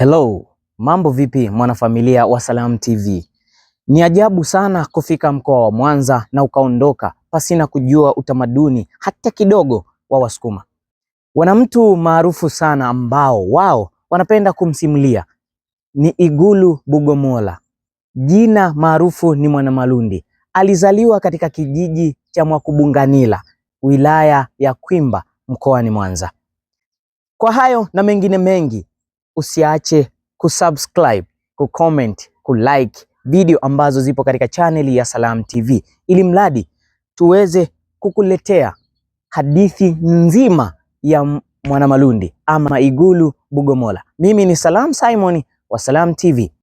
Hello, mambo vipi mwanafamilia wa Salam TV? Ni ajabu sana kufika mkoa wa Mwanza na ukaondoka pasina kujua utamaduni hata kidogo wa Wasukuma. Wana mtu maarufu sana ambao wao wanapenda kumsimulia ni Igulu Bugomola. Jina maarufu ni Mwanamalundi. Alizaliwa katika kijiji cha Mwakubunganila, wilaya ya Kwimba, mkoani Mwanza. Kwa hayo na mengine mengi usiache kusubscribe, kucomment, kulike video ambazo zipo katika chaneli ya Salam TV, ili mradi tuweze kukuletea hadithi nzima ya Mwanamalundi ama Igulu Bugomola. Mimi ni Salam Simon wa Salam TV.